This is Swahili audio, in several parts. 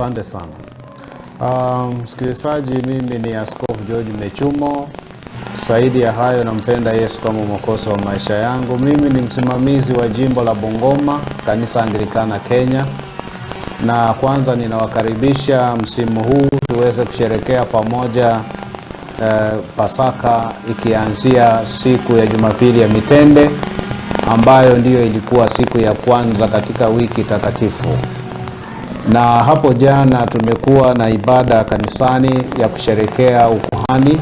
Asante sana um, msikilizaji. Um, mimi ni Askofu George Mechumo. Zaidi ya hayo, nampenda Yesu kama mwokozi wa maisha yangu. Mimi ni msimamizi wa jimbo la bongoma kanisa Anglikana Kenya, na kwanza ninawakaribisha msimu huu tuweze kusherekea pamoja eh, Pasaka ikianzia siku ya Jumapili ya Mitende ambayo ndiyo ilikuwa siku ya kwanza katika wiki takatifu na hapo jana tumekuwa na ibada kanisani ya kusherekea ukuhani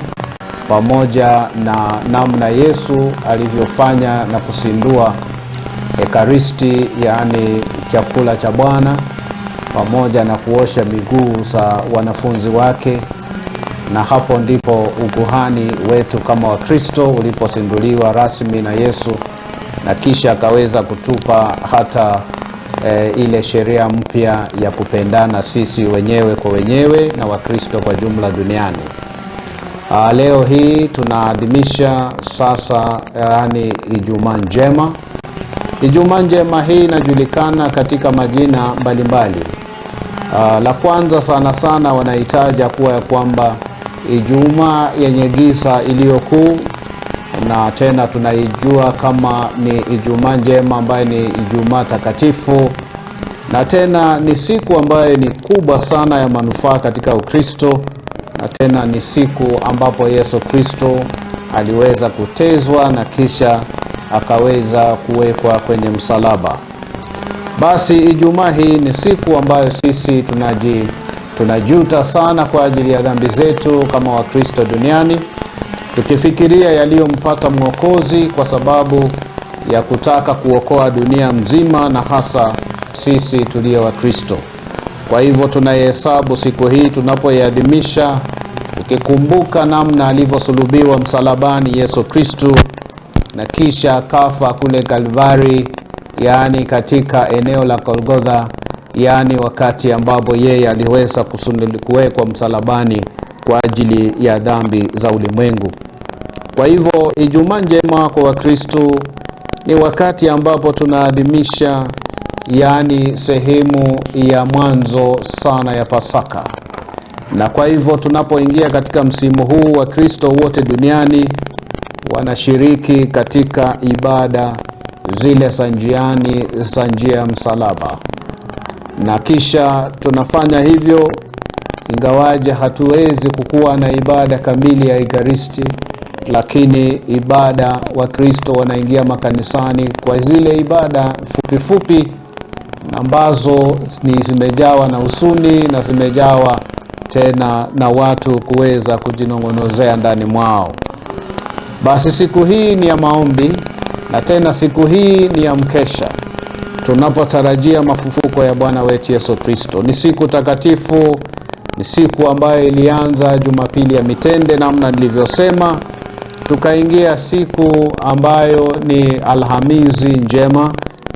pamoja na namna Yesu alivyofanya na kusindua Ekaristi, yaani chakula cha Bwana, pamoja na kuosha miguu za wanafunzi wake, na hapo ndipo ukuhani wetu kama Wakristo uliposinduliwa rasmi na Yesu, na kisha akaweza kutupa hata e, ile sheria mpya ya kupendana sisi wenyewe kwa wenyewe na Wakristo kwa jumla duniani. A, ah, leo hii tunaadhimisha sasa, yaani Ijumaa njema. Ijumaa njema hii inajulikana katika majina mbalimbali. Ah, la kwanza sana sana wanahitaja kuwa ya kwamba Ijumaa yenye giza iliyokuu na tena tunaijua kama ni Ijumaa njema ambayo ni Ijumaa takatifu, na tena ni siku ambayo ni kubwa sana ya manufaa katika Ukristo, na tena ni siku ambapo Yesu Kristo aliweza kutezwa na kisha akaweza kuwekwa kwenye msalaba. Basi Ijumaa hii ni siku ambayo sisi tunaji tunajuta sana kwa ajili ya dhambi zetu kama Wakristo duniani tukifikiria yaliyompata Mwokozi kwa sababu ya kutaka kuokoa dunia mzima na hasa sisi tulio Wakristo. Kwa hivyo tunayehesabu siku hii tunapoiadhimisha, tukikumbuka namna alivyosulubiwa msalabani Yesu Kristu na kisha kafa kule galvari yaani katika eneo la kolgodha yaani wakati ambapo yeye aliweza kuwekwa msalabani kwa ajili ya dhambi za ulimwengu. Kwa hivyo Ijumaa njema kwa Wakristo ni wakati ambapo tunaadhimisha yaani sehemu ya mwanzo sana ya Pasaka, na kwa hivyo tunapoingia katika msimu huu Wakristo wote duniani wanashiriki katika ibada zile za njiani za njia ya msalaba, na kisha tunafanya hivyo Ingawaje hatuwezi kukuwa na ibada kamili ya Ekaristi, lakini ibada Wakristo wanaingia makanisani kwa zile ibada fupi fupi ambazo ni zimejawa na usuni na zimejawa tena na watu kuweza kujinong'onozea ndani mwao. Basi siku hii ni ya maombi, na tena siku hii ni ya mkesha tunapotarajia mafufuko ya Bwana wetu Yesu Kristo. Ni siku takatifu ni siku ambayo ilianza Jumapili ya Mitende namna nilivyosema, tukaingia siku ambayo ni alhamizi njema,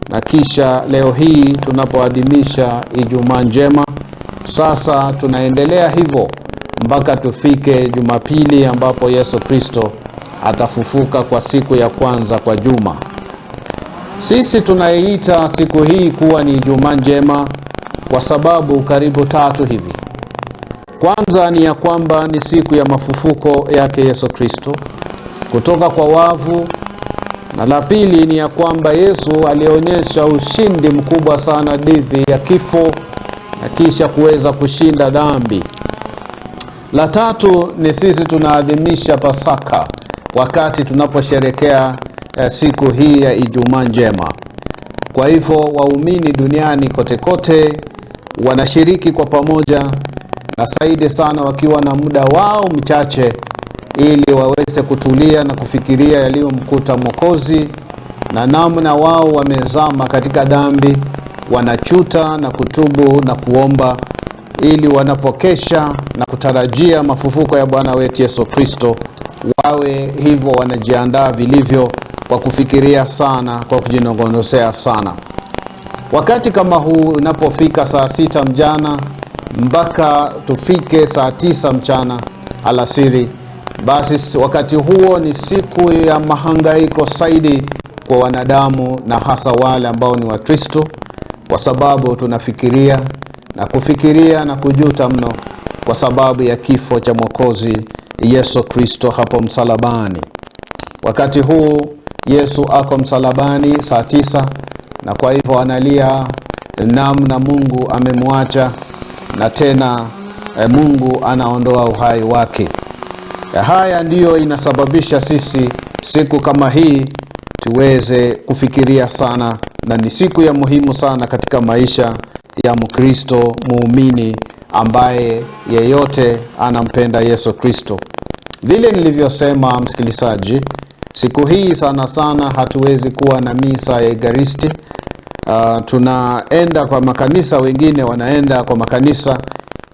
na kisha leo hii tunapoadhimisha Ijumaa njema. Sasa tunaendelea hivyo mpaka tufike Jumapili ambapo Yesu Kristo atafufuka kwa siku ya kwanza kwa juma. Sisi tunaiita siku hii kuwa ni Ijumaa njema kwa sababu karibu tatu hivi kwanza ni ya kwamba ni siku ya mafufuko yake Yesu Kristo kutoka kwa wavu, na la pili ni ya kwamba Yesu alionyesha ushindi mkubwa sana dhidi ya kifo na kisha kuweza kushinda dhambi. La tatu ni sisi tunaadhimisha Pasaka wakati tunaposherekea eh, siku hii ya Ijumaa Njema. Kwa hivyo waumini duniani kote kote wanashiriki kwa pamoja saidi sana wakiwa na muda wao mchache ili waweze kutulia na kufikiria yaliyomkuta Mwokozi na namna wao wamezama katika dhambi, wanachuta na kutubu na kuomba ili wanapokesha na kutarajia mafufuko ya Bwana wetu Yesu Kristo, wawe hivyo wanajiandaa vilivyo kwa kufikiria sana, kwa kujinongonosea sana. Wakati kama huu unapofika saa sita mjana mpaka tufike saa tisa mchana alasiri. Basi wakati huo ni siku ya mahangaiko zaidi kwa wanadamu, na hasa wale ambao ni Wakristo, kwa sababu tunafikiria na kufikiria na kujuta mno kwa sababu ya kifo cha Mwokozi Yesu Kristo hapo msalabani. Wakati huu Yesu ako msalabani saa tisa, na kwa hivyo analia namna Mungu amemwacha na tena e, Mungu anaondoa uhai wake. E, haya ndiyo inasababisha sisi siku kama hii tuweze kufikiria sana, na ni siku ya muhimu sana katika maisha ya Mkristo muumini ambaye yeyote anampenda Yesu Kristo. Vile nilivyosema, msikilizaji, siku hii sana sana hatuwezi kuwa na misa ya Ekaristi uh, tunaenda kwa makanisa, wengine wanaenda kwa makanisa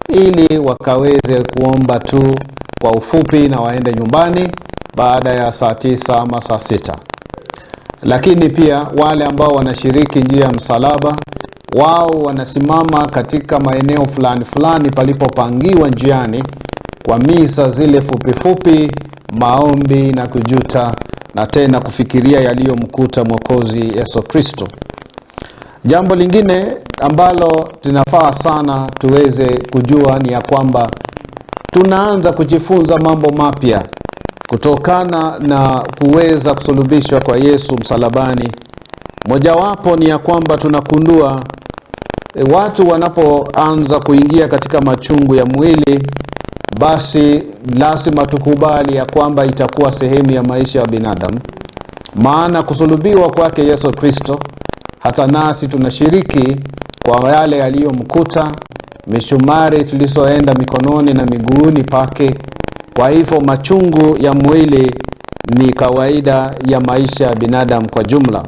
ili wakaweze kuomba tu kwa ufupi na waende nyumbani baada ya saa tisa ama saa sita. Lakini pia wale ambao wanashiriki njia ya msalaba, wao wanasimama katika maeneo fulani fulani palipopangiwa njiani kwa misa zile fupifupi, maombi na kujuta na tena kufikiria yaliyomkuta Mwokozi Yesu Kristo. Jambo lingine ambalo tunafaa sana tuweze kujua ni ya kwamba tunaanza kujifunza mambo mapya kutokana na kuweza kusulubishwa kwa Yesu msalabani. Mojawapo ni ya kwamba tunakundua e, watu wanapoanza kuingia katika machungu ya mwili, basi lazima tukubali ya kwamba itakuwa sehemu ya maisha ya binadamu, maana kusulubiwa kwake Yesu Kristo hata nasi tunashiriki kwa yale yaliyomkuta, mishumari tulizoenda mikononi na miguuni pake. Kwa hivyo machungu ya mwili ni kawaida ya maisha ya binadamu kwa jumla.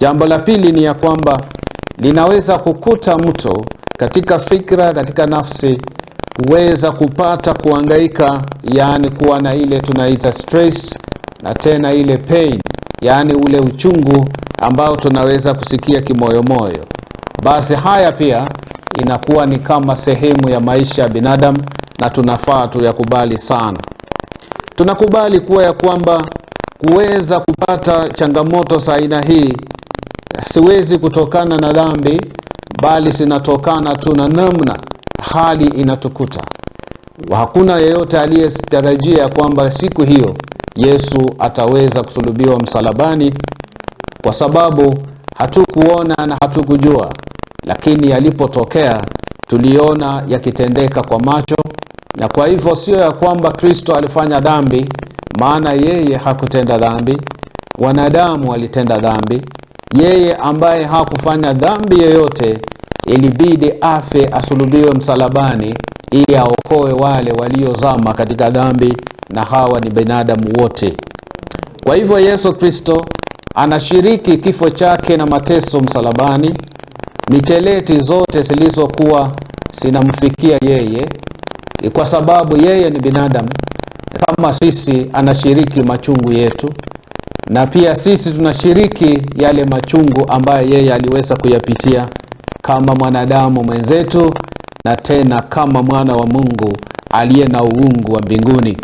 Jambo la pili ni ya kwamba linaweza kukuta mtu katika fikra, katika nafsi, huweza kupata kuangaika, yaani kuwa na ile tunaita stress, na tena ile pain, yaani ule uchungu ambao tunaweza kusikia kimoyomoyo, basi haya pia inakuwa ni kama sehemu ya maisha ya binadamu, na tunafaa tuyakubali sana. Tunakubali kuwa ya kwamba kuweza kupata changamoto za aina hii siwezi kutokana na dhambi, bali zinatokana tu na namna hali inatukuta. Hakuna yeyote aliyetarajia ya kwamba siku hiyo Yesu ataweza kusulubiwa msalabani kwa sababu hatukuona na hatukujua, lakini yalipotokea tuliona yakitendeka kwa macho. Na kwa hivyo sio ya kwamba Kristo alifanya dhambi, maana yeye hakutenda dhambi. Wanadamu walitenda dhambi. Yeye ambaye hakufanya dhambi yoyote ilibidi afe, asulubiwe msalabani, ili aokoe wale waliozama katika dhambi, na hawa ni binadamu wote. Kwa hivyo Yesu Kristo anashiriki kifo chake na mateso msalabani. Micheleti zote zilizokuwa zinamfikia yeye, kwa sababu yeye ni binadamu kama sisi, anashiriki machungu yetu, na pia sisi tunashiriki yale machungu ambayo yeye aliweza kuyapitia kama mwanadamu mwenzetu, na tena kama mwana wa Mungu aliye na uungu wa mbinguni.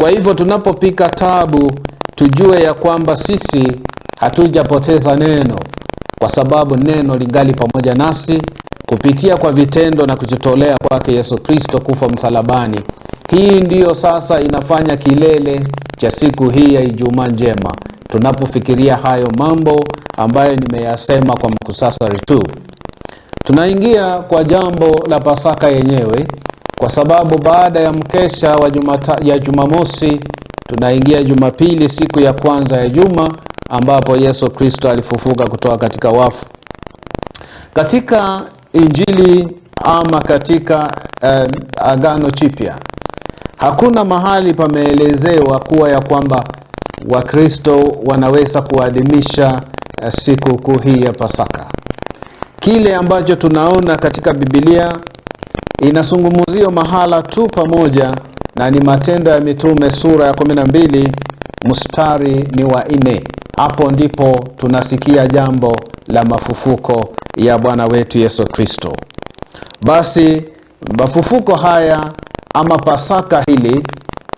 Kwa hivyo tunapopika tabu, tujue ya kwamba sisi hatujapoteza neno, kwa sababu neno lingali pamoja nasi kupitia kwa vitendo na kujitolea kwake Yesu Kristo kufa msalabani. Hii ndiyo sasa inafanya kilele cha siku hii ya Ijumaa Njema, tunapofikiria hayo mambo ambayo nimeyasema kwa mkusasari tu. Tunaingia kwa jambo la Pasaka yenyewe, kwa sababu baada ya mkesha wa jumata, ya Jumamosi tunaingia Jumapili, siku ya kwanza ya juma ambapo Yesu Kristo alifufuka kutoka katika wafu. Katika Injili ama katika eh, Agano chipya hakuna mahali pameelezewa kuwa ya kwamba Wakristo wanaweza kuadhimisha eh, siku kuu hii ya Pasaka. Kile ambacho tunaona katika Biblia inazungumzia mahala tu pamoja na ni Matendo ya Mitume sura ya 12 mstari ni wa nne. Hapo ndipo tunasikia jambo la mafufuko ya Bwana wetu Yesu Kristo. Basi mafufuko haya ama Pasaka hili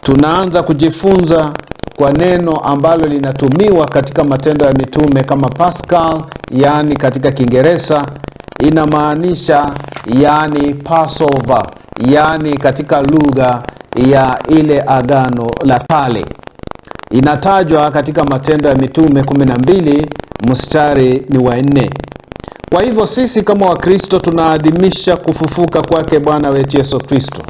tunaanza kujifunza kwa neno ambalo linatumiwa katika Matendo ya Mitume kama Pascal, yaani katika Kiingereza inamaanisha yaani Passover, yaani katika lugha ya ile Agano la Kale inatajwa katika Matendo ya Mitume 12 mstari ni wa 4. Kwa hivyo sisi kama Wakristo tunaadhimisha kufufuka kwake Bwana wetu Yesu Kristo.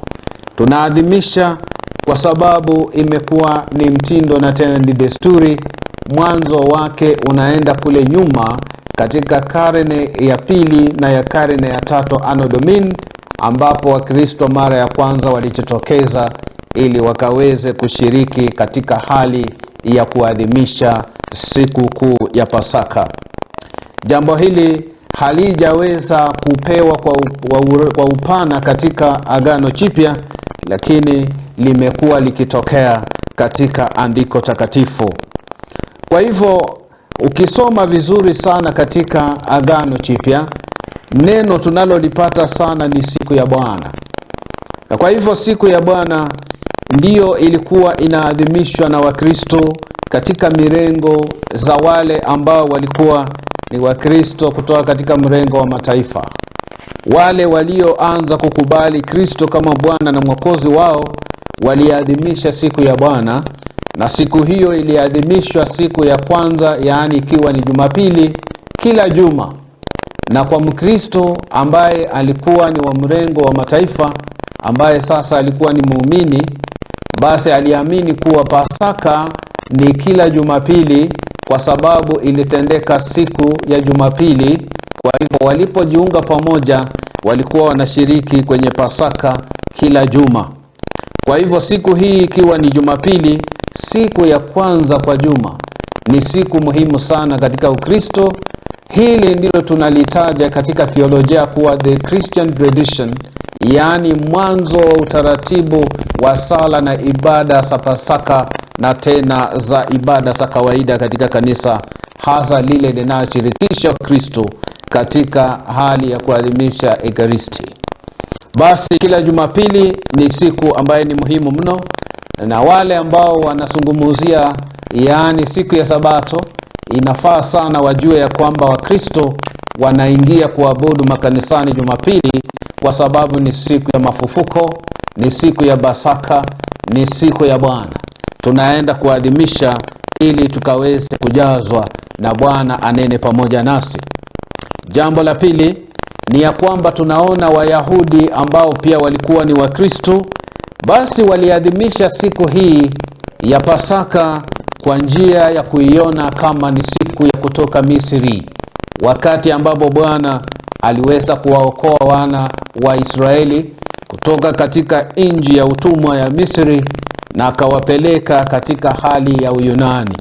Tunaadhimisha kwa sababu imekuwa ni mtindo na tena ni desturi. Mwanzo wake unaenda kule nyuma katika karne ya pili na ya karne ya tatu anodomin ambapo Wakristo mara ya kwanza walijitokeza ili wakaweze kushiriki katika hali ya kuadhimisha siku kuu ya Pasaka. Jambo hili halijaweza kupewa kwa upana katika Agano Jipya, lakini limekuwa likitokea katika andiko takatifu. Kwa hivyo ukisoma vizuri sana katika Agano Jipya, neno tunalolipata sana ni siku ya Bwana, na kwa hivyo siku ya Bwana ndiyo ilikuwa inaadhimishwa na Wakristo katika mirengo za wale ambao walikuwa ni Wakristo kutoka katika mrengo wa mataifa. Wale walioanza kukubali Kristo kama Bwana na Mwokozi wao waliadhimisha siku ya Bwana, na siku hiyo iliadhimishwa siku ya kwanza, yaani ikiwa ni Jumapili kila juma. Na kwa Mkristo ambaye alikuwa ni wa mrengo wa mataifa, ambaye sasa alikuwa ni muumini basi aliamini kuwa Pasaka ni kila Jumapili kwa sababu ilitendeka siku ya Jumapili. Kwa hivyo walipojiunga pamoja, walikuwa wanashiriki kwenye Pasaka kila juma. Kwa hivyo siku hii ikiwa ni Jumapili, siku ya kwanza kwa juma, ni siku muhimu sana katika Ukristo. Hili ndilo tunalitaja katika theolojia kuwa the Christian tradition yaani mwanzo wa utaratibu wa sala na ibada za Pasaka na tena za ibada za kawaida katika kanisa, hasa lile linayoshirikisha Kristo katika hali ya kuadhimisha Ekaristi. Basi kila Jumapili ni siku ambayo ni muhimu mno, na wale ambao wanasungumuzia yaani siku ya Sabato, inafaa sana wajue ya kwamba Wakristo wanaingia kuabudu makanisani Jumapili kwa sababu ni siku ya mafufuko, ni siku ya basaka ni siku ya Bwana. Tunaenda kuadhimisha ili tukaweze kujazwa na Bwana anene pamoja nasi. Jambo la pili ni ya kwamba tunaona Wayahudi ambao pia walikuwa ni Wakristo, basi waliadhimisha siku hii ya Pasaka kwa njia ya kuiona kama ni siku ya kutoka Misri, wakati ambapo Bwana aliweza kuwaokoa wana wa Israeli kutoka katika nchi ya utumwa ya Misri na akawapeleka katika hali ya Uyunani.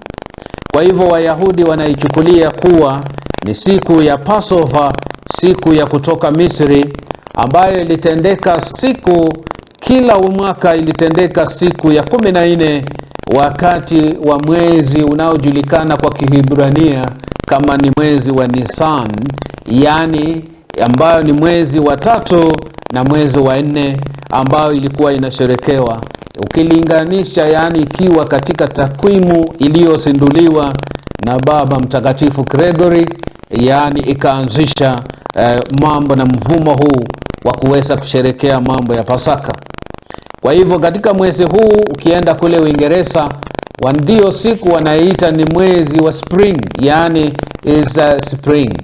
Kwa hivyo Wayahudi wanaichukulia kuwa ni siku ya Passover, siku ya kutoka Misri ambayo ilitendeka siku kila mwaka ilitendeka siku ya 14 wakati wa mwezi unaojulikana kwa Kihibrania kama ni mwezi wa Nisan, yani ambayo ni mwezi wa tatu na mwezi wa nne ambayo ilikuwa inasherekewa ukilinganisha, yaani ikiwa katika takwimu iliyozinduliwa na Baba Mtakatifu Gregory, yaani ikaanzisha eh, mambo na mvumo huu wa kuweza kusherekea mambo ya Pasaka. Kwa hivyo katika mwezi huu ukienda kule Uingereza ndio siku wanaita ni mwezi wa spring, yaani is spring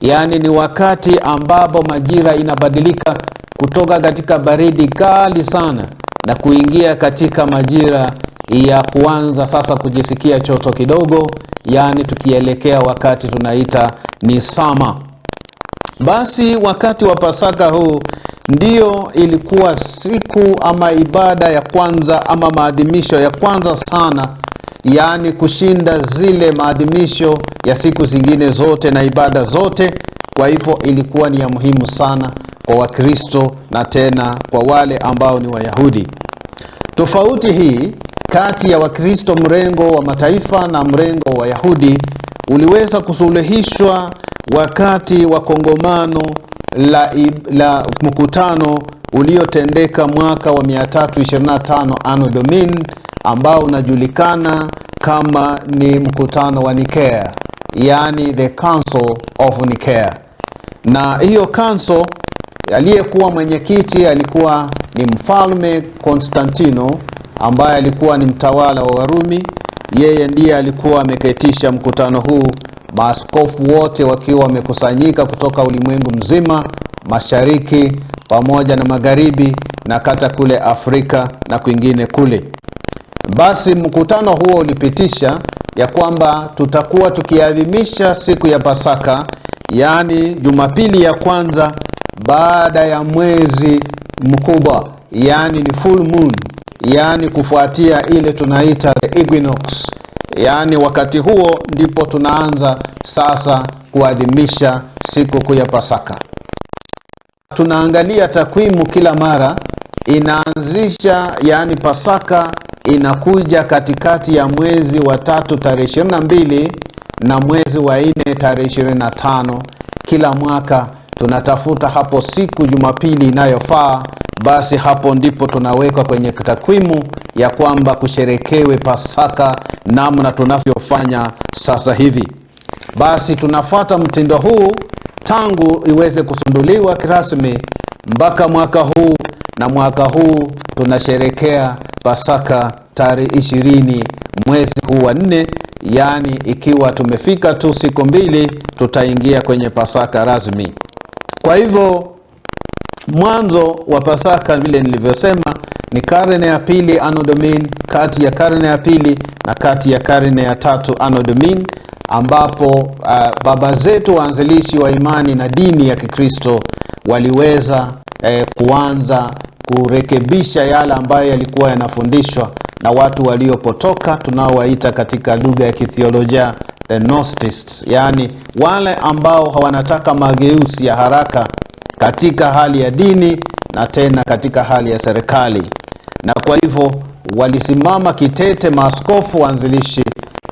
yaani ni wakati ambapo majira inabadilika kutoka katika baridi kali sana na kuingia katika majira ya kuanza sasa kujisikia choto kidogo, yaani tukielekea wakati tunaita ni sama. Basi wakati wa Pasaka huu ndio ilikuwa siku ama ibada ya kwanza ama maadhimisho ya kwanza sana yaani kushinda zile maadhimisho ya siku zingine zote na ibada zote. Kwa hivyo ilikuwa ni ya muhimu sana kwa Wakristo na tena kwa wale ambao ni Wayahudi. Tofauti hii kati ya Wakristo mrengo wa mataifa na mrengo wa Wayahudi uliweza kusuluhishwa wakati wa kongomano la, la mkutano uliotendeka mwaka wa 325 anodomin ambao unajulikana kama ni mkutano wa Nikea, yani the Council of Nikea. Na hiyo council aliyekuwa mwenyekiti alikuwa ni mfalme Konstantino ambaye alikuwa ni mtawala wa Warumi. Yeye ndiye alikuwa ameketisha mkutano huu, maaskofu wote wakiwa wamekusanyika kutoka ulimwengu mzima, mashariki pamoja na magharibi, na kata kule Afrika na kwingine kule. Basi mkutano huo ulipitisha ya kwamba tutakuwa tukiadhimisha siku ya Pasaka, yaani Jumapili ya kwanza baada ya mwezi mkubwa, yaani ni full moon, yaani kufuatia ile tunaita the equinox, yaani wakati huo ndipo tunaanza sasa kuadhimisha siku kuu ya Pasaka. Tunaangalia takwimu kila mara inaanzisha, yaani Pasaka inakuja katikati ya mwezi wa tatu tarehe 22 na na mwezi wa nne tarehe 25 Kila mwaka tunatafuta hapo siku Jumapili inayofaa, basi hapo ndipo tunawekwa kwenye takwimu ya kwamba kusherekewe Pasaka namna tunavyofanya sasa hivi. Basi tunafuata mtindo huu tangu iweze kusunduliwa kirasmi mpaka mwaka huu na mwaka huu tunasherekea Pasaka tarehe ishirini mwezi huu wa nne, yaani ikiwa tumefika tu siku mbili tutaingia kwenye Pasaka rasmi. Kwa hivyo mwanzo wa Pasaka vile nilivyosema ni karne ya pili anno domini, kati ya karne ya pili na kati ya karne ya tatu anno domini, ambapo uh, baba zetu waanzilishi wa imani na dini ya Kikristo waliweza eh, kuanza kurekebisha yale ambayo yalikuwa yanafundishwa na watu waliopotoka tunaowaita katika lugha ya kithiolojia the yaani wale ambao hawanataka mageusi ya haraka katika hali ya dini na tena katika hali ya serikali. Na kwa hivyo walisimama kitete maaskofu waanzilishi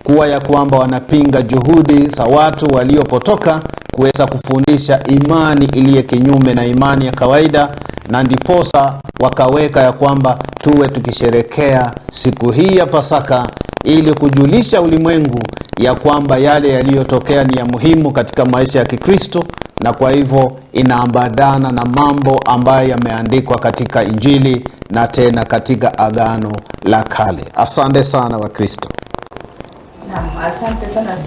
kuwa ya kwamba wanapinga juhudi za watu waliopotoka kuweza kufundisha imani iliye kinyume na imani ya kawaida, na ndiposa wakaweka ya kwamba tuwe tukisherekea siku hii ya Pasaka ili kujulisha ulimwengu ya kwamba yale yaliyotokea ni ya muhimu katika maisha ya Kikristo, na kwa hivyo inaambadana na mambo ambayo yameandikwa katika Injili na tena katika Agano la Kale. Asante sana Wakristo. Nada más artesanas.